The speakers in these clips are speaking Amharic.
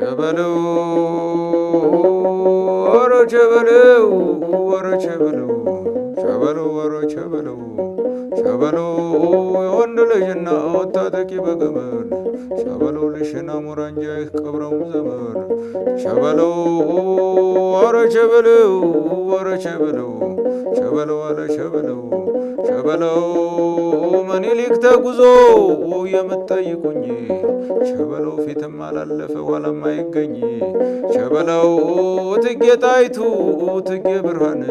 ቸበለው ወረ ቸበለው ወረ ቸበለው ሸበሉ ወሮች ሸበሉ ሸበሉ የወንድ ልጅና ወታጠቂ በገመድ ሸበሉ ልሽና ሙራንጃ ይህ ቀብረውም ዘመድ ሸበሉ ወሮች ሸበሉ ወሮች ሸበሉ ሸበሉ አለ ሸበሉ ሸበሉ ምኒልክ ተጉዞ የምትጠይቁኝ ሸበሉ ፊትም አላለፈ ኋላም አይገኝ ሸበለው ትጌ ጣይቱ ትጌ ብርሃን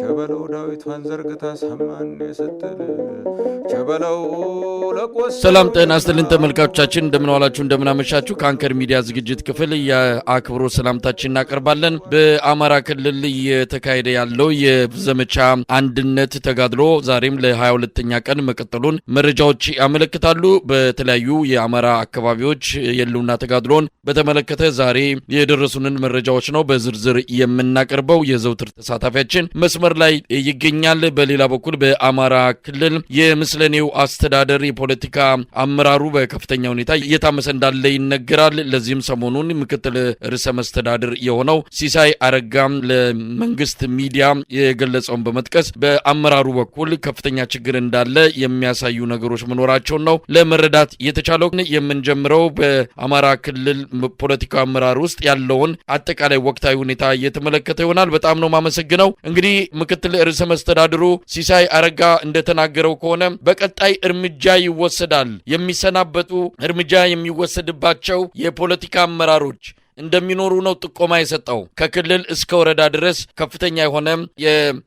ሸበለው ዳዊት ሰራዊቷን ዘርግታ ሰማን የሰጠን ቸበለው ሰላም ጤና ይስጥልን ተመልካቾቻችን፣ እንደምንዋላችሁ እንደምናመሻችሁ። ከአንከር ሚዲያ ዝግጅት ክፍል የአክብሮ ሰላምታችን እናቀርባለን። በአማራ ክልል እየተካሄደ ያለው የዘመቻ አንድነት ተጋድሎ ዛሬም ለ22ኛ ቀን መቀጠሉን መረጃዎች ያመለክታሉ። በተለያዩ የአማራ አካባቢዎች የህልውና ተጋድሎን በተመለከተ ዛሬ የደረሱንን መረጃዎች ነው በዝርዝር የምናቀርበው። የዘውትር ተሳታፊያችን መስመር ላይ ይገ ይገኛል። በሌላ በኩል በአማራ ክልል የምስለኔው አስተዳደር የፖለቲካ አመራሩ በከፍተኛ ሁኔታ እየታመሰ እንዳለ ይነገራል። ለዚህም ሰሞኑን ምክትል ርዕሰ መስተዳድር የሆነው ሲሳይ አረጋም ለመንግስት ሚዲያ የገለጸውን በመጥቀስ በአመራሩ በኩል ከፍተኛ ችግር እንዳለ የሚያሳዩ ነገሮች መኖራቸውን ነው ለመረዳት የተቻለው። የምንጀምረው በአማራ ክልል ፖለቲካ አመራር ውስጥ ያለውን አጠቃላይ ወቅታዊ ሁኔታ እየተመለከተ ይሆናል። በጣም ነው ማመሰግነው። እንግዲህ ምክትል ርዕሰ መስተዳድሩ ሲሳይ አረጋ እንደተናገረው ከሆነ በቀጣይ እርምጃ ይወሰዳል። የሚሰናበቱ እርምጃ የሚወሰድባቸው የፖለቲካ አመራሮች እንደሚኖሩ ነው ጥቆማ የሰጠው። ከክልል እስከ ወረዳ ድረስ ከፍተኛ የሆነ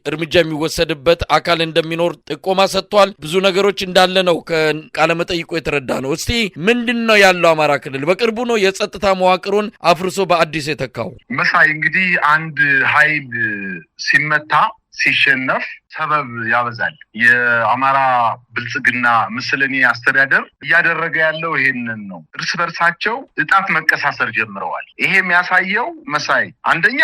እርምጃ የሚወሰድበት አካል እንደሚኖር ጥቆማ ሰጥቷል። ብዙ ነገሮች እንዳለ ነው ከቃለመጠይቁ የተረዳ ነው። እስቲ ምንድን ነው ያለው አማራ ክልል በቅርቡ ነው የጸጥታ መዋቅሩን አፍርሶ በአዲስ የተካው መሳይ እንግዲህ አንድ ኃይል ሲመታ si chaîne neuf ሰበብ ያበዛል። የአማራ ብልጽግና ምስልኔ አስተዳደር እያደረገ ያለው ይሄንን ነው። እርስ በርሳቸው እጣት መቀሳሰር ጀምረዋል። ይሄ የሚያሳየው መሳይ አንደኛ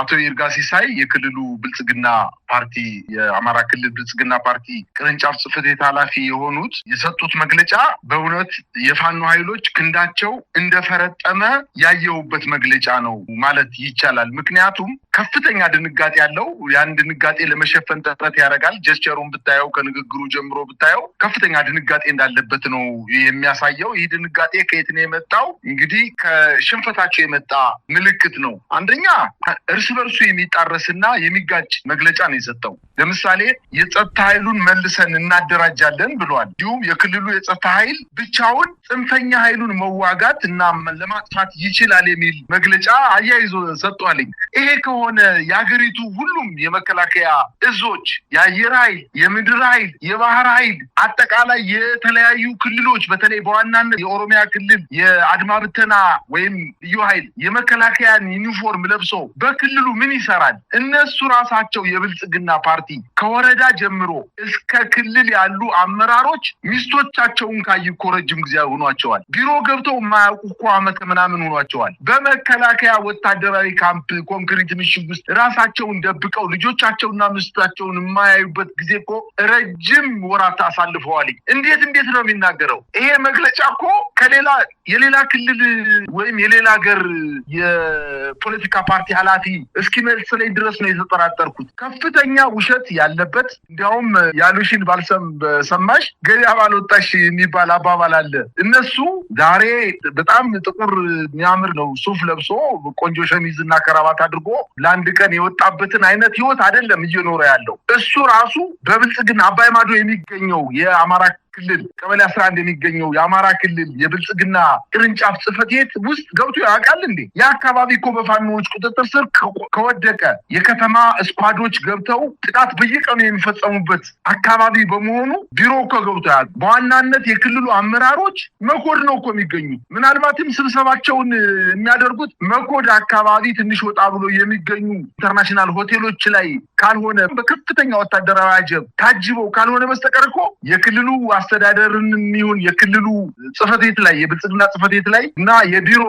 አቶ ይርጋ ሲሳይ የክልሉ ብልጽግና ፓርቲ የአማራ ክልል ብልጽግና ፓርቲ ቅርንጫፍ ጽሕፈት ቤት ኃላፊ የሆኑት የሰጡት መግለጫ በእውነት የፋኖ ኃይሎች ክንዳቸው እንደፈረጠመ ያየሁበት መግለጫ ነው ማለት ይቻላል። ምክንያቱም ከፍተኛ ድንጋጤ ያለው ያን ድንጋጤ ለመሸ ለመሸፈን ጥረት ያደርጋል። ጀስቸሩን ብታየው፣ ከንግግሩ ጀምሮ ብታየው ከፍተኛ ድንጋጤ እንዳለበት ነው የሚያሳየው። ይህ ድንጋጤ ከየት ነው የመጣው? እንግዲህ ከሽንፈታቸው የመጣ ምልክት ነው። አንደኛ እርስ በርሱ የሚጣረስና የሚጋጭ መግለጫ ነው የሰጠው። ለምሳሌ የጸጥታ ኃይሉን መልሰን እናደራጃለን ብሏል። እንዲሁም የክልሉ የጸጥታ ኃይል ብቻውን ጽንፈኛ ኃይሉን መዋጋት እና ለማጥፋት ይችላል የሚል መግለጫ አያይዞ ሰጧልኝ። ይሄ ከሆነ የሀገሪቱ ሁሉም የመከላከያ እዞች፣ የአየር ኃይል፣ የምድር ኃይል፣ የባህር ኃይል አጠቃላይ የተለያዩ ክልሎች በተለይ በዋናነት የኦሮሚያ ክልል የአድማ ብተና ወይም ልዩ ኃይል የመከላከያን ዩኒፎርም ለብሶ በክልሉ ምን ይሰራል? እነሱ ራሳቸው የብልጽግና ፓርቲ ከወረዳ ጀምሮ እስከ ክልል ያሉ አመራሮች ሚስቶቻቸውን ካዩ እኮ ረጅም ጊዜ ሆኗቸዋል። ቢሮ ገብተው የማያውቁ እኮ ዓመት ምናምን ሆኗቸዋል። በመከላከያ ወታደራዊ ካምፕ ኮንክሪት ምሽግ ውስጥ ራሳቸውን ደብቀው ልጆቻቸውና ምስ ሚስታቸውን የማያዩበት ጊዜ እኮ ረጅም ወራት አሳልፈዋል። እንዴት እንዴት ነው የሚናገረው? ይሄ መግለጫ እኮ ከሌላ የሌላ ክልል ወይም የሌላ ሀገር የፖለቲካ ፓርቲ ኃላፊ እስኪመስለኝ ድረስ ነው የተጠራጠርኩት። ከፍተኛ ውሸት ያለበት እንዲያውም ያሉሽን ባልሰም በሰማሽ ገበያ ባልወጣሽ የሚባል አባባል አለ። እነሱ ዛሬ በጣም ጥቁር የሚያምር ነው ሱፍ ለብሶ ቆንጆ ሸሚዝ እና ከራባት አድርጎ ለአንድ ቀን የወጣበትን አይነት ህይወት አይደለም እየኖረ ያለው እሱ ራሱ በብልጽግና አባይ ማዶ የሚገኘው የአማራ ክልል ቀበሌ አስራ አንድ የሚገኘው የአማራ ክልል የብልጽግና ቅርንጫፍ ጽህፈት ቤት ውስጥ ገብቶ ያውቃል እንዴ? የአካባቢ እኮ በፋኖዎች ቁጥጥር ስር ከወደቀ የከተማ ስኳዶች ገብተው ጥቃት በየቀኑ የሚፈጸሙበት አካባቢ በመሆኑ ቢሮ እኮ ገብቶ ያ በዋናነት የክልሉ አመራሮች መኮድ ነው እኮ የሚገኙ ምናልባትም ስብሰባቸውን የሚያደርጉት መኮድ አካባቢ ትንሽ ወጣ ብሎ የሚገኙ ኢንተርናሽናል ሆቴሎች ላይ ካልሆነ በከፍተኛ ወታደራዊ አጀብ ታጅበው ካልሆነ በስተቀር እኮ የክልሉ አስተዳደርን የሚሆን የክልሉ ጽህፈት ቤት ላይ የብልጽግና ጽፈት ቤት ላይ እና የቢሮ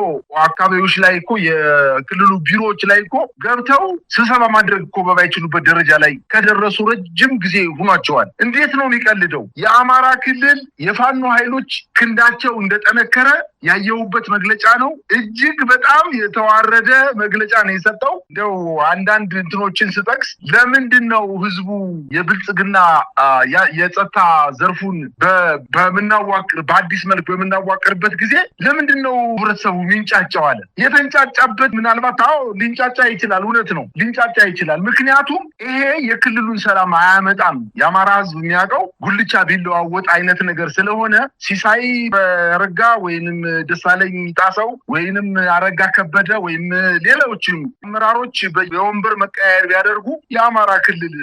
አካባቢዎች ላይ እኮ የክልሉ ቢሮዎች ላይ እኮ ገብተው ስብሰባ ማድረግ እኮ በማይችሉበት ደረጃ ላይ ከደረሱ ረጅም ጊዜ ሆኗቸዋል። እንዴት ነው የሚቀልደው? የአማራ ክልል የፋኖ ኃይሎች ክንዳቸው እንደጠነከረ ያየሁበት መግለጫ ነው። እጅግ በጣም የተዋረደ መግለጫ ነው የሰጠው። እንደው አንዳንድ እንትኖችን ስጠቅስ ለምንድን ነው ህዝቡ የብልጽግና የጸታ ዘርፉን በምናዋቅር በአዲስ መልክ በምናዋቅርበት ጊዜ ለምንድን ነው ህብረተሰቡ ሚንጫጫው አለ። የተንጫጫበት ምናልባት አዎ ሊንጫጫ ይችላል፣ እውነት ነው ሊንጫጫ ይችላል። ምክንያቱም ይሄ የክልሉን ሰላም አያመጣም። የአማራ ህዝብ የሚያውቀው ጉልቻ ቢለዋወጥ አይነት ነገር ስለሆነ ሲሳይ በረጋ ወይንም ደሳለኝ ጣሰው ወይንም አረጋ ከበደ ወይም ሌሎችም አመራሮች የወንበር መቀያየር ቢያደርጉ የአማራ ክልል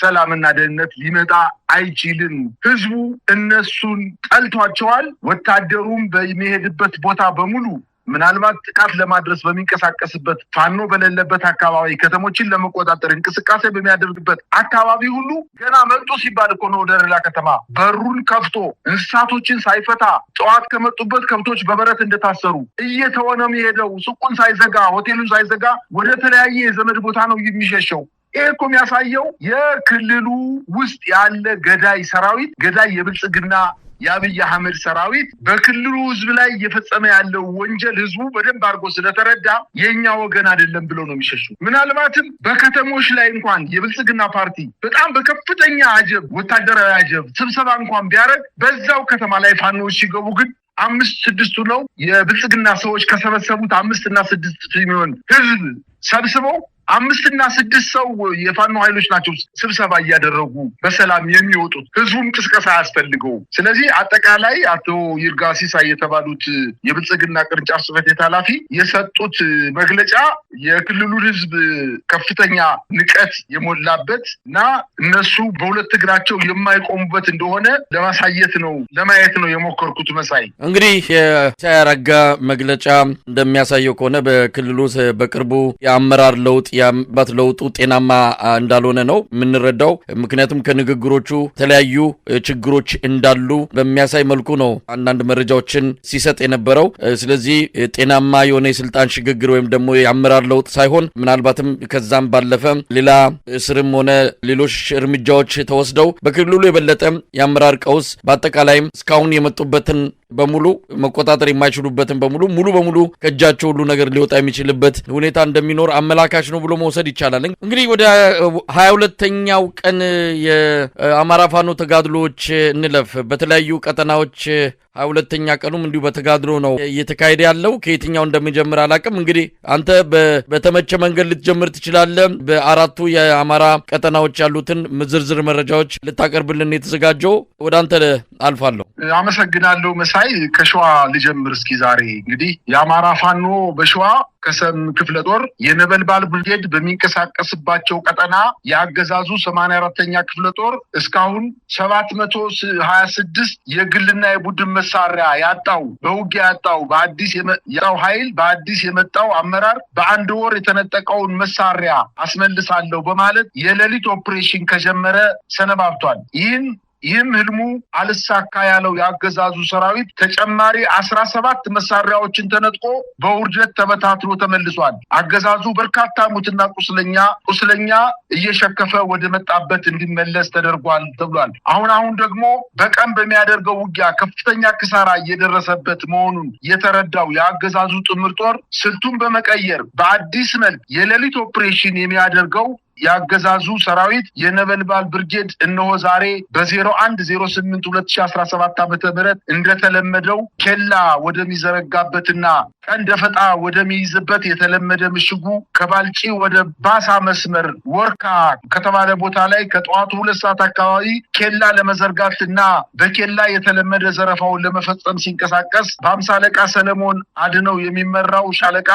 ሰላምና ደህንነት ሊመጣ አይችልም። ህዝቡ እነሱን ጠልቷቸዋል። ወታደሩም በሚሄድበት ቦታ በሙሉ ምናልባት ጥቃት ለማድረስ በሚንቀሳቀስበት ፋኖ በሌለበት አካባቢ ከተሞችን ለመቆጣጠር እንቅስቃሴ በሚያደርግበት አካባቢ ሁሉ ገና መጡ ሲባል እኮ ነው ወደ ሌላ ከተማ በሩን ከፍቶ እንስሳቶችን ሳይፈታ ጠዋት ከመጡበት ከብቶች በበረት እንደታሰሩ እየተወ ነው የሚሄደው። ሱቁን ሳይዘጋ ሆቴሉን ሳይዘጋ ወደ ተለያየ የዘመድ ቦታ ነው የሚሸሸው። ይህ እኮ የሚያሳየው የክልሉ ውስጥ ያለ ገዳይ ሰራዊት ገዳይ የብልጽግና የአብይ አህመድ ሰራዊት በክልሉ ህዝብ ላይ እየፈጸመ ያለው ወንጀል ህዝቡ በደንብ አድርጎ ስለተረዳ የእኛ ወገን አይደለም ብሎ ነው የሚሸሹ። ምናልባትም በከተሞች ላይ እንኳን የብልጽግና ፓርቲ በጣም በከፍተኛ አጀብ፣ ወታደራዊ አጀብ ስብሰባ እንኳን ቢያደርግ በዛው ከተማ ላይ ፋኖዎች ሲገቡ ግን አምስት ስድስቱ ነው የብልጽግና ሰዎች ከሰበሰቡት አምስት እና ስድስት የሚሆን ህዝብ ሰብስበው አምስትና ስድስት ሰው የፋኖ ኃይሎች ናቸው ስብሰባ እያደረጉ በሰላም የሚወጡት። ህዝቡም ቅስቀሳ ያስፈልገው ስለዚህ አጠቃላይ አቶ ይርጋ ሲሳይ የተባሉት የብልጽግና ቅርንጫፍ ጽፈት ቤት ኃላፊ የሰጡት መግለጫ የክልሉን ህዝብ ከፍተኛ ንቀት የሞላበት እና እነሱ በሁለት እግራቸው የማይቆሙበት እንደሆነ ለማሳየት ነው ለማየት ነው የሞከርኩት። መሳይ እንግዲህ የሳያረጋ መግለጫ እንደሚያሳየው ከሆነ በክልሉ በቅርቡ የአመራር ለውጥ የአባት ለውጡ ጤናማ እንዳልሆነ ነው የምንረዳው። ምክንያቱም ከንግግሮቹ የተለያዩ ችግሮች እንዳሉ በሚያሳይ መልኩ ነው አንዳንድ መረጃዎችን ሲሰጥ የነበረው። ስለዚህ ጤናማ የሆነ የስልጣን ሽግግር ወይም ደግሞ የአመራር ለውጥ ሳይሆን ምናልባትም ከዛም ባለፈ ሌላ እስርም ሆነ ሌሎች እርምጃዎች ተወስደው በክልሉ የበለጠ የአመራር ቀውስ በአጠቃላይም እስካሁን የመጡበትን በሙሉ መቆጣጠር የማይችሉበትን በሙሉ ሙሉ በሙሉ ከእጃቸው ሁሉ ነገር ሊወጣ የሚችልበት ሁኔታ እንደሚኖር አመላካች ነው ብሎ መውሰድ ይቻላል። እንግዲህ ወደ ሀያ ሁለተኛው ቀን የአማራ ፋኖ ተጋድሎዎች እንለፍ። በተለያዩ ቀጠናዎች ሀያ ሁለተኛ ቀኑም እንዲሁ በተጋድሎ ነው እየተካሄደ ያለው። ከየትኛው እንደሚጀምር አላቅም። እንግዲህ አንተ በተመቸ መንገድ ልትጀምር ትችላለህ። በአራቱ የአማራ ቀጠናዎች ያሉትን ዝርዝር መረጃዎች ልታቀርብልን የተዘጋጀው ወደ አንተ አልፋለሁ። አመሰግናለሁ መሳ ስታይ ከሸዋ ልጀምር እስኪ ዛሬ እንግዲህ የአማራ ፋኖ በሸዋ ከሰም ክፍለ ጦር የነበልባል ብርጌድ በሚንቀሳቀስባቸው ቀጠና የአገዛዙ ሰማንያ አራተኛ ክፍለ ጦር እስካሁን ሰባት መቶ ሀያ ስድስት የግልና የቡድን መሳሪያ ያጣው በውጊያ ያጣው በአዲስ ያጣው ኃይል በአዲስ የመጣው አመራር በአንድ ወር የተነጠቀውን መሳሪያ አስመልሳለሁ በማለት የሌሊት ኦፕሬሽን ከጀመረ ሰነባብቷል። ይህን ይህም ህልሙ አልሳካ ያለው የአገዛዙ ሰራዊት ተጨማሪ አስራ ሰባት መሳሪያዎችን ተነጥቆ በውርጀት ተበታትሎ ተመልሷል። አገዛዙ በርካታ ሙትና ቁስለኛ ቁስለኛ እየሸከፈ ወደ መጣበት እንዲመለስ ተደርጓል ተብሏል። አሁን አሁን ደግሞ በቀን በሚያደርገው ውጊያ ከፍተኛ ክሳራ እየደረሰበት መሆኑን የተረዳው የአገዛዙ ጥምር ጦር ስልቱን በመቀየር በአዲስ መልክ የሌሊት ኦፕሬሽን የሚያደርገው ያገዛዙ ሰራዊት የነበልባል ብርጌድ እነሆ ዛሬ በዜሮ አንድ ዜሮ ስምንት ሁለት ሺ አስራ ሰባት ዓመተ ምህረት እንደተለመደው ኬላ ወደሚዘረጋበትና ቀን ደፈጣ ወደሚይዝበት የተለመደ ምሽጉ ከባልጪ ወደ ባሳ መስመር ወርካ ከተባለ ቦታ ላይ ከጠዋቱ ሁለት ሰዓት አካባቢ ኬላ ለመዘርጋት እና በኬላ የተለመደ ዘረፋውን ለመፈጸም ሲንቀሳቀስ በአምሳ አለቃ ሰለሞን አድነው የሚመራው ሻለቃ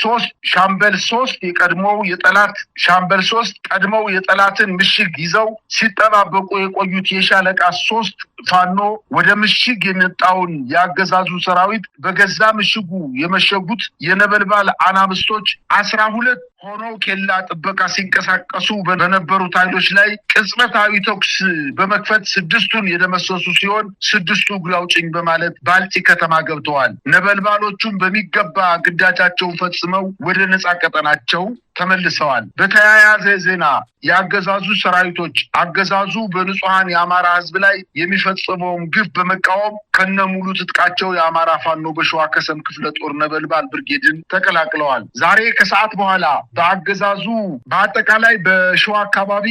ሶስት ሻምበል ሶስት የቀድሞው የጠላት ሻምበል ሶስት ውስጥ ቀድመው የጠላትን ምሽግ ይዘው ሲጠባበቁ የቆዩት የሻለቃ ሶስት ፋኖ ወደ ምሽግ የመጣውን የአገዛዙ ሰራዊት በገዛ ምሽጉ የመሸጉት የነበልባል አናብስቶች አስራ ሁለት ሆኖ ኬላ ጥበቃ ሲንቀሳቀሱ በነበሩት ኃይሎች ላይ ቅጽበታዊ ተኩስ በመክፈት ስድስቱን የደመሰሱ ሲሆን ስድስቱ እግል በማለት ባልቲ ከተማ ገብተዋል። ነበልባሎቹም በሚገባ ግዳጃቸውን ፈጽመው ወደ ነጻ ቀጠናቸው ተመልሰዋል። በተያያዘ ዜና የአገዛዙ ሰራዊቶች አገዛዙ በንጹሐን የአማራ ሕዝብ ላይ የሚፈጽመውን ግፍ በመቃወም ከነሙሉ ትጥቃቸው የአማራ ፋኖ በሸዋ ከሰም ክፍለ ጦር ነበልባል ብርጌድን ተቀላቅለዋል። ዛሬ ከሰዓት በኋላ በአገዛዙ በአጠቃላይ በሸዋ አካባቢ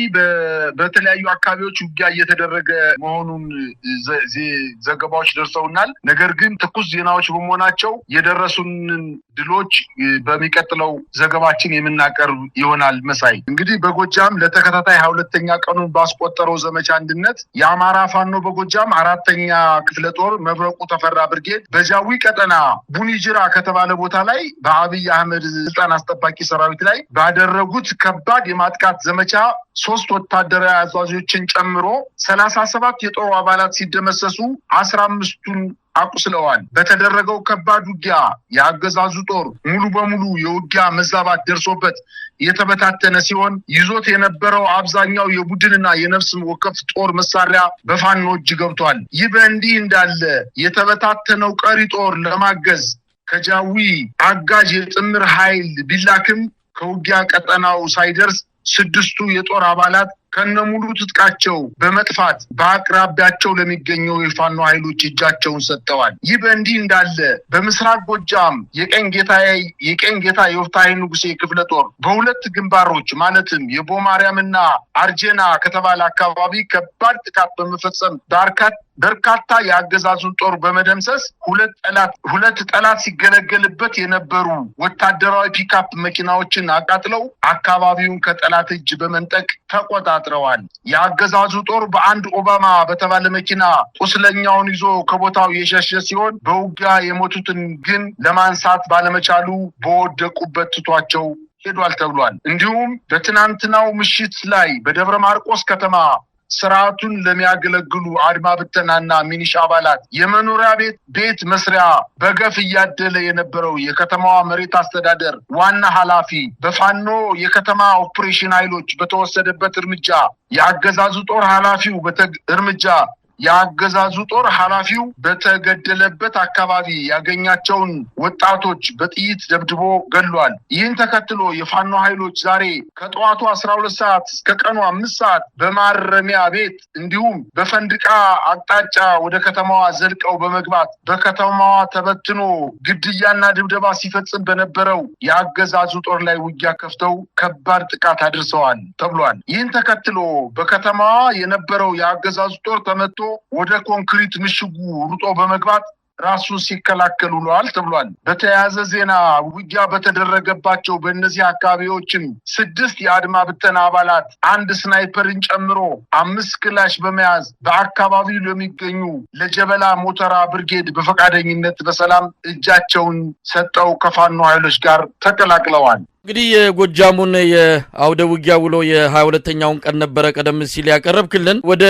በተለያዩ አካባቢዎች ውጊያ እየተደረገ መሆኑን ዘገባዎች ደርሰውናል። ነገር ግን ትኩስ ዜናዎች በመሆናቸው የደረሱንን ድሎች በሚቀጥለው ዘገባችን የምናቀርብ ይሆናል። መሳይ እንግዲህ በጎጃም ለተከታታይ ሀያ ሁለተኛ ቀኑን ባስቆጠረው ዘመቻ አንድነት የአማራ ፋኖ በጎጃም አራተኛ ክፍለ ጦር መብረቁ ተፈራ ብርጌድ በጃዊ ቀጠና ቡኒጅራ ከተባለ ቦታ ላይ በአብይ አህመድ ስልጣን አስጠባቂ ሰራዊት ላይ ባደረጉት ከባድ የማጥቃት ዘመቻ ሶስት ወታደራዊ አዛዦችን ጨምሮ ሰላሳ ሰባት የጦሩ አባላት ሲደመሰሱ አስራ አምስቱን አቁስለዋል። በተደረገው ከባድ ውጊያ የአገዛዙ ጦር ሙሉ በሙሉ የውጊያ መዛባት ደርሶበት የተበታተነ ሲሆን ይዞት የነበረው አብዛኛው የቡድንና የነፍስ ወከፍ ጦር መሳሪያ በፋኖ እጅ ገብቷል። ይህ በእንዲህ እንዳለ የተበታተነው ቀሪ ጦር ለማገዝ ከጃዊ አጋዥ የጥምር ኃይል ቢላክም ከውጊያ ቀጠናው ሳይደርስ ስድስቱ የጦር አባላት ከነሙሉ ትጥቃቸው በመጥፋት በአቅራቢያቸው ለሚገኘው የፋኖ ኃይሎች እጃቸውን ሰጥተዋል። ይህ በእንዲህ እንዳለ በምስራቅ ጎጃም የቀኝ ጌታ የቀኝ ጌታ የወፍታሔ ንጉሴ ክፍለ ጦር በሁለት ግንባሮች ማለትም ና አርጀና ከተባለ አካባቢ ከባድ ጥቃት በመፈጸም በርካታ የአገዛዙን ጦር በመደምሰስ ሁለት ጠላት ሁለት ጠላት ሲገለገልበት የነበሩ ወታደራዊ ፒካፕ መኪናዎችን አቃጥለው አካባቢውን ከጠላት እጅ በመንጠቅ ተቆጣ ተቆጣጥረዋል። የአገዛዙ ጦር በአንድ ኦባማ በተባለ መኪና ቁስለኛውን ይዞ ከቦታው የሸሸ ሲሆን በውጊያ የሞቱትን ግን ለማንሳት ባለመቻሉ በወደቁበት ትቷቸው ሄዷል ተብሏል። እንዲሁም በትናንትናው ምሽት ላይ በደብረ ማርቆስ ከተማ ስርዓቱን ለሚያገለግሉ አድማ ብተናና ሚኒሽ አባላት የመኖሪያ ቤት ቤት መስሪያ በገፍ እያደለ የነበረው የከተማዋ መሬት አስተዳደር ዋና ኃላፊ በፋኖ የከተማ ኦፕሬሽን ኃይሎች በተወሰደበት እርምጃ የአገዛዙ ጦር ኃላፊው እርምጃ የአገዛዙ ጦር ኃላፊው በተገደለበት አካባቢ ያገኛቸውን ወጣቶች በጥይት ደብድቦ ገሏል። ይህን ተከትሎ የፋኖ ኃይሎች ዛሬ ከጠዋቱ አስራ ሁለት ሰዓት እስከ ቀኑ አምስት ሰዓት በማረሚያ ቤት እንዲሁም በፈንድቃ አቅጣጫ ወደ ከተማዋ ዘልቀው በመግባት በከተማዋ ተበትኖ ግድያና ድብደባ ሲፈጽም በነበረው የአገዛዙ ጦር ላይ ውጊያ ከፍተው ከባድ ጥቃት አድርሰዋል ተብሏል። ይህን ተከትሎ በከተማዋ የነበረው የአገዛዙ ጦር ተመቶ ወደ ኮንክሪት ምሽጉ ሩጦ በመግባት ራሱን ሲከላከሉ ውለዋል ተብሏል። በተያያዘ ዜና ውጊያ በተደረገባቸው በእነዚህ አካባቢዎችም ስድስት የአድማ ብተና አባላት አንድ ስናይፐርን ጨምሮ አምስት ክላሽ በመያዝ በአካባቢው ለሚገኙ ለጀበላ ሞተራ ብርጌድ በፈቃደኝነት በሰላም እጃቸውን ሰጠው ከፋኖ ኃይሎች ጋር ተቀላቅለዋል። እንግዲህ የጎጃሙን የአውደ ውጊያ ውሎ የሀያ ሁለተኛውን ቀን ነበረ ቀደም ሲል ያቀረብክልን። ወደ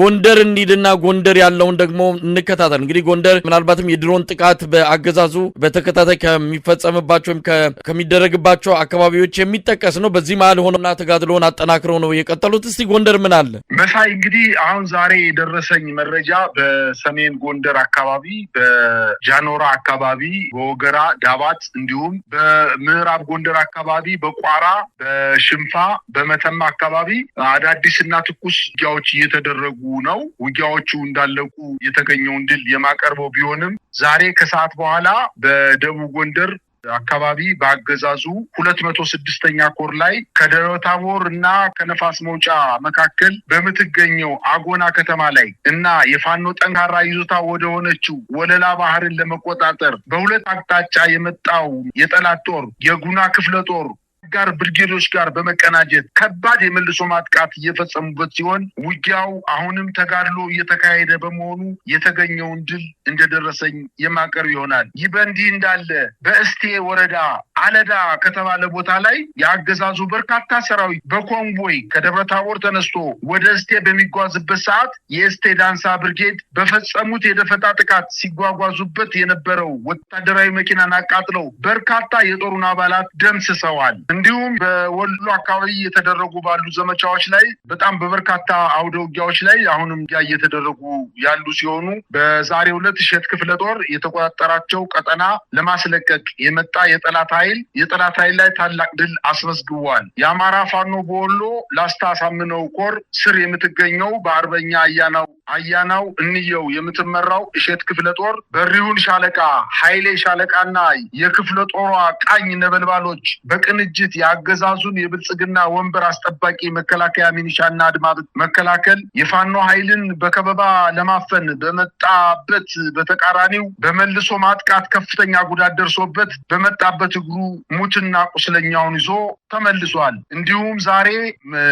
ጎንደር እንሂድና ጎንደር ያለውን ደግሞ እንከታተል። እንግዲህ ጎንደር ምናልባትም የድሮን ጥቃት በአገዛዙ በተከታታይ ከሚፈጸምባቸው ወይም ከሚደረግባቸው አካባቢዎች የሚጠቀስ ነው። በዚህ መሀል ሆኖና ተጋድሎውን አጠናክረው ነው የቀጠሉት። እስቲ ጎንደር ምን አለ መሳይ? እንግዲህ አሁን ዛሬ የደረሰኝ መረጃ በሰሜን ጎንደር አካባቢ፣ በጃኖራ አካባቢ፣ በወገራ ዳባት እንዲሁም በምዕራብ ጎንደር አካባቢ አካባቢ በቋራ በሽንፋ በመተማ አካባቢ አዳዲስ እና ትኩስ ውጊያዎች እየተደረጉ ነው። ውጊያዎቹ እንዳለቁ የተገኘውን ድል የማቀርበው ቢሆንም ዛሬ ከሰዓት በኋላ በደቡብ ጎንደር አካባቢ በአገዛዙ ሁለት መቶ ስድስተኛ ኮር ላይ ከደብረታቦር እና ከነፋስ መውጫ መካከል በምትገኘው አጎና ከተማ ላይ እና የፋኖ ጠንካራ ይዞታ ወደ ሆነችው ወለላ ባህርን ለመቆጣጠር በሁለት አቅጣጫ የመጣው የጠላት ጦር የጉና ክፍለ ጦር አጋር ብርጌዶች ጋር በመቀናጀት ከባድ የመልሶ ማጥቃት እየፈጸሙበት ሲሆን ውጊያው አሁንም ተጋድሎ እየተካሄደ በመሆኑ የተገኘውን ድል እንደደረሰኝ የማቀርብ ይሆናል። ይህ በእንዲህ እንዳለ በእስቴ ወረዳ አለዳ ከተባለ ቦታ ላይ የአገዛዙ በርካታ ሰራዊት በኮንቮይ ከደብረ ታቦር ተነስቶ ወደ እስቴ በሚጓዝበት ሰዓት የእስቴ ዳንሳ ብርጌድ በፈጸሙት የደፈጣ ጥቃት ሲጓጓዙበት የነበረው ወታደራዊ መኪናን አቃጥለው በርካታ የጦሩን አባላት ደምስሰዋል። እንዲሁም በወሎ አካባቢ የተደረጉ ባሉ ዘመቻዎች ላይ በጣም በበርካታ አውደ ውጊያዎች ላይ አሁንም ያ እየተደረጉ ያሉ ሲሆኑ በዛሬው ዕለት እሸት ክፍለ ጦር የተቆጣጠራቸው ቀጠና ለማስለቀቅ የመጣ የጠላት ኃይል ኃይል የጠላት ኃይል ላይ ታላቅ ድል አስመዝግቧል። የአማራ ፋኖ በወሎ ላስታ ሳምነው ኮር ስር የምትገኘው በአርበኛ አያናው አያናው እንየው የምትመራው እሸት ክፍለ ጦር በሪሁን ሻለቃ፣ ኃይሌ ሻለቃና የክፍለ ጦሯ ቃኝ ነበልባሎች በቅንጅት የአገዛዙን የብልጽግና ወንበር አስጠባቂ መከላከያ ሚኒሻና አድማ መከላከል የፋኖ ኃይልን በከበባ ለማፈን በመጣበት በተቃራኒው በመልሶ ማጥቃት ከፍተኛ ጉዳት ደርሶበት በመጣበት እግሩ ሙትና ቁስለኛውን ይዞ ተመልሷል። እንዲሁም ዛሬ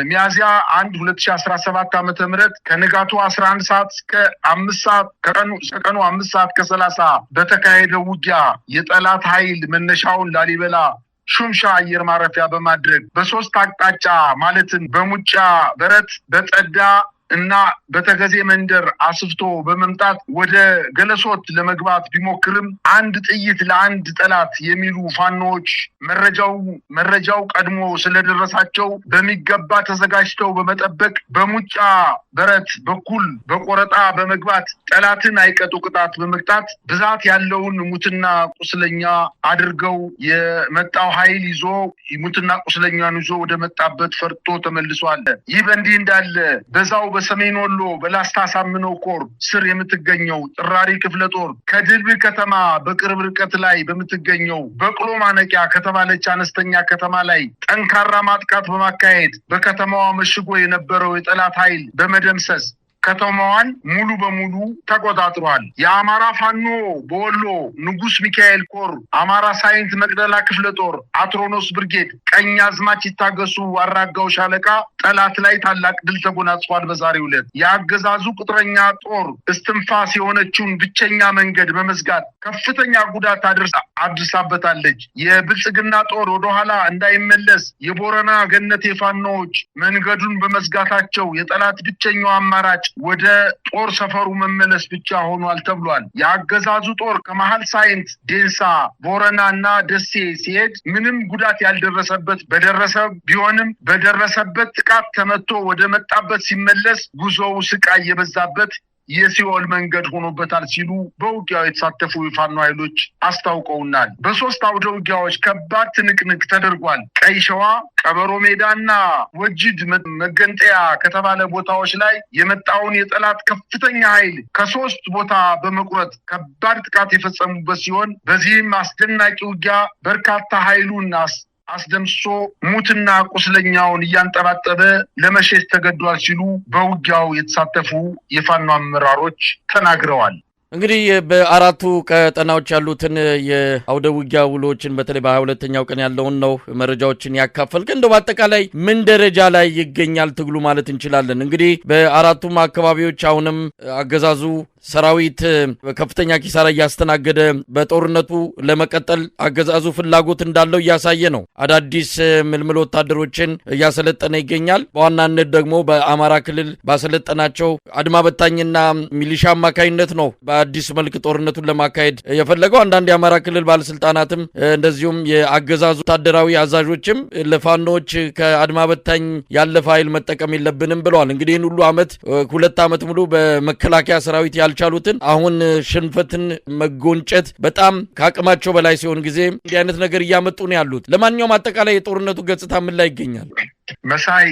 ሚያዚያ አንድ ሁለት ሺ አስራ ሰባት ዓመተ ምህረት ከንጋቱ አስራ አንድ ሰዓት እስከ አምስት ሰዓት ከቀኑ ከቀኑ አምስት ሰዓት ከሰላሳ በተካሄደው ውጊያ የጠላት ኃይል መነሻውን ላሊበላ ሹምሻ አየር ማረፊያ በማድረግ በሶስት አቅጣጫ ማለትም በሙጫ በረት፣ በጠዳ እና በተገዜ መንደር አስፍቶ በመምጣት ወደ ገለሶት ለመግባት ቢሞክርም አንድ ጥይት ለአንድ ጠላት የሚሉ ፋኖዎች መረጃው መረጃው ቀድሞ ስለደረሳቸው በሚገባ ተዘጋጅተው በመጠበቅ በሙጫ በረት በኩል በቆረጣ በመግባት ጠላትን አይቀጡ ቅጣት በመቅጣት ብዛት ያለውን ሙትና ቁስለኛ አድርገው የመጣው ኃይል ይዞ ሙትና ቁስለኛን ይዞ ወደ መጣበት ፈርቶ አለ። ይህ በእንዲህ እንዳለ በዛው በሰሜን ወሎ በላስታ ሳምነው ኮር ስር የምትገኘው ጥራሪ ክፍለ ጦር ከድልብ ከተማ በቅርብ ርቀት ላይ በምትገኘው በቅሎ ማነቂያ ከተባለች አነስተኛ ከተማ ላይ ጠንካራ ማጥቃት በማካሄድ በከተማዋ መሽጎ የነበረው የጠላት ኃይል በመደምሰስ ከተማዋን ሙሉ በሙሉ ተቆጣጥሯል። የአማራ ፋኖ በወሎ ንጉስ ሚካኤል ኮር፣ አማራ ሳይንት መቅደላ ክፍለ ጦር፣ አትሮኖስ ብርጌድ፣ ቀኝ አዝማች ይታገሱ አራጋው ሻለቃ ጠላት ላይ ታላቅ ድል ተጎናጽፏል። በዛሬው ዕለት የአገዛዙ ቁጥረኛ ጦር እስትንፋስ የሆነችውን ብቸኛ መንገድ በመዝጋት ከፍተኛ ጉዳት አድርሳ አድርሳበታለች። የብልጽግና ጦር ወደኋላ እንዳይመለስ የቦረና ገነት የፋኖዎች መንገዱን በመዝጋታቸው የጠላት ብቸኛው አማራጭ ወደ ጦር ሰፈሩ መመለስ ብቻ ሆኗል ተብሏል። የአገዛዙ ጦር ከመሀል ሳይንት፣ ዴንሳ፣ ቦረና እና ደሴ ሲሄድ ምንም ጉዳት ያልደረሰበት በደረሰ ቢሆንም በደረሰበት ጥቃት ተመቶ ወደ መጣበት ሲመለስ ጉዞው ስቃይ የበዛበት የሲኦል መንገድ ሆኖበታል ሲሉ በውጊያው የተሳተፉ የፋኖ ኃይሎች አስታውቀውናል። በሶስት አውደ ውጊያዎች ከባድ ትንቅንቅ ተደርጓል። ቀይ ሸዋ፣ ቀበሮ ሜዳና ወጅድ መገንጠያ ከተባለ ቦታዎች ላይ የመጣውን የጠላት ከፍተኛ ኃይል ከሶስት ቦታ በመቁረጥ ከባድ ጥቃት የፈጸሙበት ሲሆን በዚህም አስደናቂ ውጊያ በርካታ ኃይሉን አስደምሶ ሙትና ቁስለኛውን እያንጠባጠበ ለመሸሽ ተገዷል ሲሉ በውጊያው የተሳተፉ የፋኖ አመራሮች ተናግረዋል። እንግዲህ በአራቱ ቀጠናዎች ያሉትን የአውደ ውጊያ ውሎችን በተለይ በሀያ ሁለተኛው ቀን ያለውን ነው መረጃዎችን ያካፈልክ። እንደው በአጠቃላይ ምን ደረጃ ላይ ይገኛል ትግሉ ማለት እንችላለን? እንግዲህ በአራቱም አካባቢዎች አሁንም አገዛዙ ሰራዊት ከፍተኛ ኪሳራ እያስተናገደ በጦርነቱ ለመቀጠል አገዛዙ ፍላጎት እንዳለው እያሳየ ነው። አዳዲስ ምልምል ወታደሮችን እያሰለጠነ ይገኛል። በዋናነት ደግሞ በአማራ ክልል ባሰለጠናቸው አድማ በታኝና ሚሊሻ አማካኝነት ነው በአዲስ መልክ ጦርነቱን ለማካሄድ የፈለገው። አንዳንድ የአማራ ክልል ባለስልጣናትም እንደዚሁም የአገዛዙ ወታደራዊ አዛዦችም ለፋኖች ከአድማ በታኝ ያለፈ ኃይል መጠቀም የለብንም ብለዋል። እንግዲህ ይህን ሁሉ ዓመት ሁለት ዓመት ሙሉ በመከላከያ ሰራዊት ያልቻሉትን አሁን ሽንፈትን መጎንጨት በጣም ከአቅማቸው በላይ ሲሆን ጊዜ እንዲህ አይነት ነገር እያመጡ ነው ያሉት። ለማንኛውም አጠቃላይ የጦርነቱ ገጽታ ምን ላይ ይገኛል? መሳይ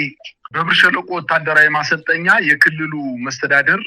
በብር ሸለቆ ወታደራዊ ማሰልጠኛ የክልሉ መስተዳደር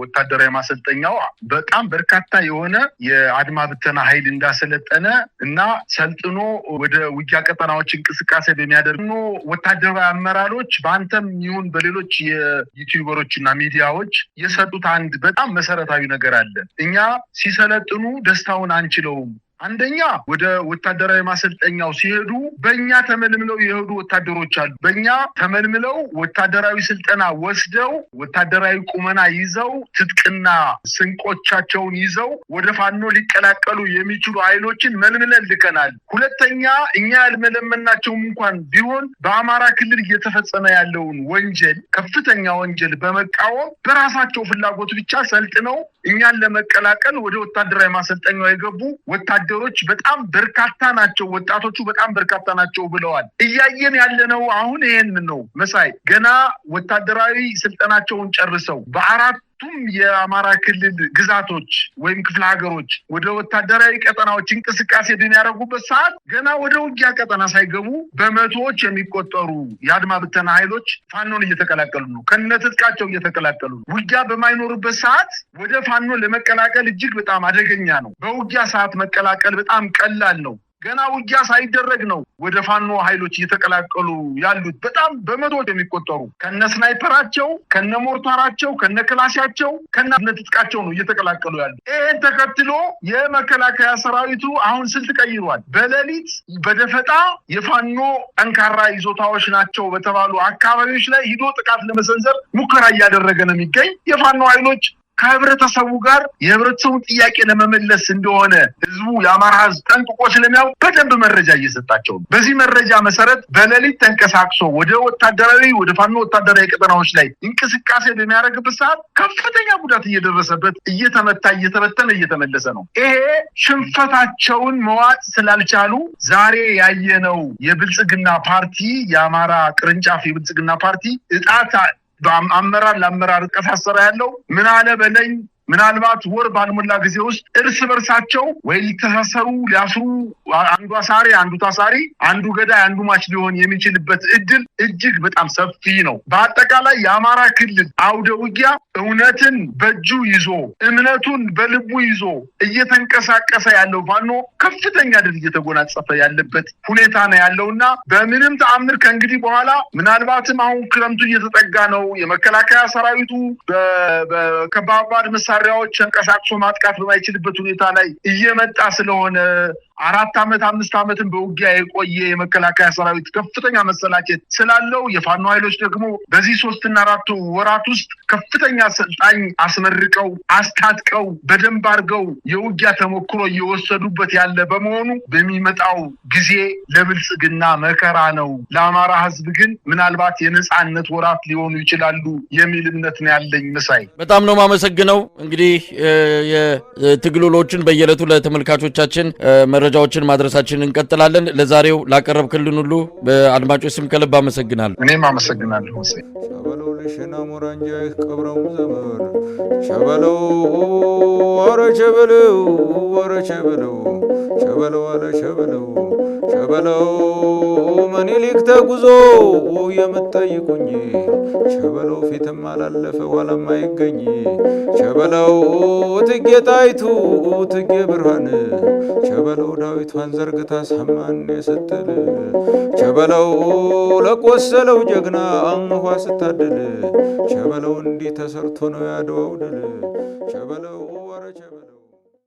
ወታደራዊ ማሰልጠኛው በጣም በርካታ የሆነ የአድማ ብተና ኃይል እንዳሰለጠነ እና ሰልጥኖ ወደ ውጊያ ቀጠናዎች እንቅስቃሴ በሚያደርግ ወታደራዊ አመራሮች በአንተም ይሁን በሌሎች የዩቲዩበሮች እና ሚዲያዎች የሰጡት አንድ በጣም መሰረታዊ ነገር አለ። እኛ ሲሰለጥኑ ደስታውን አንችለውም አንደኛ ወደ ወታደራዊ ማሰልጠኛው ሲሄዱ በእኛ ተመልምለው የሄዱ ወታደሮች አሉ። በእኛ ተመልምለው ወታደራዊ ስልጠና ወስደው ወታደራዊ ቁመና ይዘው ትጥቅና ስንቆቻቸውን ይዘው ወደ ፋኖ ሊቀላቀሉ የሚችሉ ኃይሎችን መልምለን ልከናል። ሁለተኛ እኛ ያልመለመናቸውም እንኳን ቢሆን በአማራ ክልል እየተፈጸመ ያለውን ወንጀል፣ ከፍተኛ ወንጀል በመቃወም በራሳቸው ፍላጎት ብቻ ሰልጥነው እኛን ለመቀላቀል ወደ ወታደራዊ ማሰልጠኛ የገቡ ወታደሮች በጣም በርካታ ናቸው፣ ወጣቶቹ በጣም በርካታ ናቸው ብለዋል። እያየን ያለነው አሁን ይሄንን ነው። መሳይ ገና ወታደራዊ ስልጠናቸውን ጨርሰው በአራት ሁለቱም የአማራ ክልል ግዛቶች ወይም ክፍለ ሀገሮች ወደ ወታደራዊ ቀጠናዎች እንቅስቃሴ በሚያደርጉበት ሰዓት ገና ወደ ውጊያ ቀጠና ሳይገቡ በመቶዎች የሚቆጠሩ የአድማ ብተና ኃይሎች ፋኖን እየተቀላቀሉ ነው። ከነትጥቃቸው እየተቀላቀሉ ነው። ውጊያ በማይኖርበት ሰዓት ወደ ፋኖ ለመቀላቀል እጅግ በጣም አደገኛ ነው። በውጊያ ሰዓት መቀላቀል በጣም ቀላል ነው። ገና ውጊያ ሳይደረግ ነው ወደ ፋኖ ኃይሎች እየተቀላቀሉ ያሉት። በጣም በመቶዎች የሚቆጠሩ ከነ ስናይፐራቸው፣ ከነ ሞርታራቸው፣ ከነ ክላሲያቸው ከነ ትጥቃቸው ነው እየተቀላቀሉ ያሉ። ይህን ተከትሎ የመከላከያ ሰራዊቱ አሁን ስልት ቀይሯል። በሌሊት በደፈጣ የፋኖ ጠንካራ ይዞታዎች ናቸው በተባሉ አካባቢዎች ላይ ሂዶ ጥቃት ለመሰንዘር ሙከራ እያደረገ ነው የሚገኝ የፋኖ ኃይሎች ከህብረተሰቡ ጋር የህብረተሰቡን ጥያቄ ለመመለስ እንደሆነ ህዝቡ የአማራ ህዝብ ጠንቅቆ ስለሚያውቅ በደንብ መረጃ እየሰጣቸው ነው። በዚህ መረጃ መሰረት በሌሊት ተንቀሳቅሶ ወደ ወታደራዊ ወደ ፋኖ ወታደራዊ ቀጠናዎች ላይ እንቅስቃሴ በሚያደርግበት ሰዓት ከፍተኛ ጉዳት እየደረሰበት እየተመታ እየተበተነ እየተመለሰ ነው። ይሄ ሽንፈታቸውን መዋጥ ስላልቻሉ ዛሬ ያየነው የብልጽግና ፓርቲ የአማራ ቅርንጫፍ የብልጽግና ፓርቲ እጣታ አመራር ለአመራር ርቀት ያለው ምን አለ በለኝ ምናልባት ወር ባልሞላ ጊዜ ውስጥ እርስ በርሳቸው ወይ ሊተሳሰሩ ሊያስሩ፣ አንዱ አሳሪ አንዱ ታሳሪ፣ አንዱ ገዳይ አንዱ ማች ሊሆን የሚችልበት እድል እጅግ በጣም ሰፊ ነው። በአጠቃላይ የአማራ ክልል አውደ ውጊያ እውነትን በእጁ ይዞ እምነቱን በልቡ ይዞ እየተንቀሳቀሰ ያለው ፋኖ ከፍተኛ ድል እየተጎናጸፈ ያለበት ሁኔታ ነው ያለው እና በምንም ተአምር ከእንግዲህ በኋላ ምናልባትም አሁን ክረምቱ እየተጠጋ ነው። የመከላከያ ሰራዊቱ ከባባድ መሳ መሳሪያዎች ተንቀሳቅሶ ማጥቃት በማይችልበት ሁኔታ ላይ እየመጣ ስለሆነ አራት ዓመት አምስት ዓመትን በውጊያ የቆየ የመከላከያ ሰራዊት ከፍተኛ መሰላቸት ስላለው የፋኖ ኃይሎች ደግሞ በዚህ ሶስትና አራቱ ወራት ውስጥ ከፍተኛ አሰልጣኝ አስመርቀው አስታጥቀው በደንብ አድርገው የውጊያ ተሞክሮ እየወሰዱበት ያለ በመሆኑ በሚመጣው ጊዜ ለብልጽግና መከራ ነው። ለአማራ ህዝብ ግን ምናልባት የነፃነት ወራት ሊሆኑ ይችላሉ የሚል እምነት ነው ያለኝ። መሳይ በጣም ነው ማመሰግነው። እንግዲህ የትግል ውሎችን በየዕለቱ ለተመልካቾቻችን መረ መረጃዎችን ማድረሳችን እንቀጥላለን። ለዛሬው ላቀረብክልን ሁሉ በአድማጮች ስም ከልብ አመሰግናለሁ። እኔም አመሰግናለሁ። ሽና ሞራንጃ ቀብረው ዘመር ሸበለው አረ ሸበለው አረ ሸበለው ሸበለው አለ ሸበለው ሸበለው መኒሊክ ተጉዞ የምትጠይቁኝ ሸበለው ፊትም አላለፈ ኋላም አይገኝ ሸበለው ትጌ ጣይቱ ትጌ ብርሃን ሸበለው ዳዊቷን ዘርግታ ሰማን የስትል ሸበለው ለቆሰለው ጀግና አንኳ ስታድል ሸበለው እንዲህ ተሰርቶ ነው ያድዋው ድል ሸበለው ወረ ሸበለው